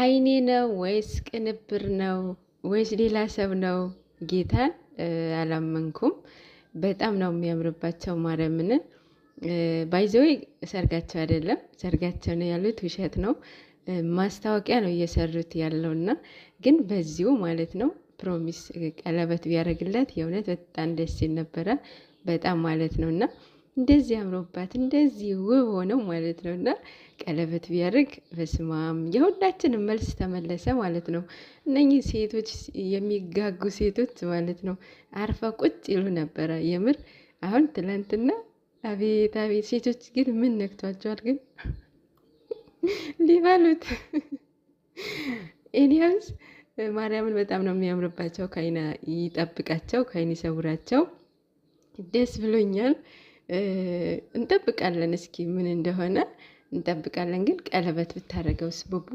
አይኔ ነው ወይስ ቅንብር ነው ወይስ ሌላ ሰው ነው? ጌታን አላመንኩም። በጣም ነው የሚያምርባቸው። ማርያምን ባይዘዊ ሰርጋቸው አይደለም ሰርጋቸው ነው ያሉት፣ ውሸት ነው ማስታወቂያ ነው እየሰሩት ያለው እና ግን በዚሁ ማለት ነው ፕሮሚስ ቀለበት ቢያደርግለት የእውነት በጣም ደስ ይል ነበረ። በጣም ማለት ነው እና እንደዚህ አምሮባት እንደዚህ ውብ ሆነው ማለት ነው። እና ቀለበት ቢያደርግ በስማም የሁላችንም መልስ ተመለሰ ማለት ነው። እነኚህ ሴቶች የሚጋጉ ሴቶች ማለት ነው አርፈ ቁጭ ይሉ ነበረ። የምር አሁን ትላንትና አቤት አቤት። ሴቶች ግን ምን ነክቷቸዋል ግን ሊባሉት ኤኒያምስ ማርያምን በጣም ነው የሚያምርባቸው። ከአይና ይጠብቃቸው፣ ከአይን ይሰውራቸው። ደስ ብሎኛል። እንጠብቃለን። እስኪ ምን እንደሆነ እንጠብቃለን። ግን ቀለበት ብታደርገው ስቡቡ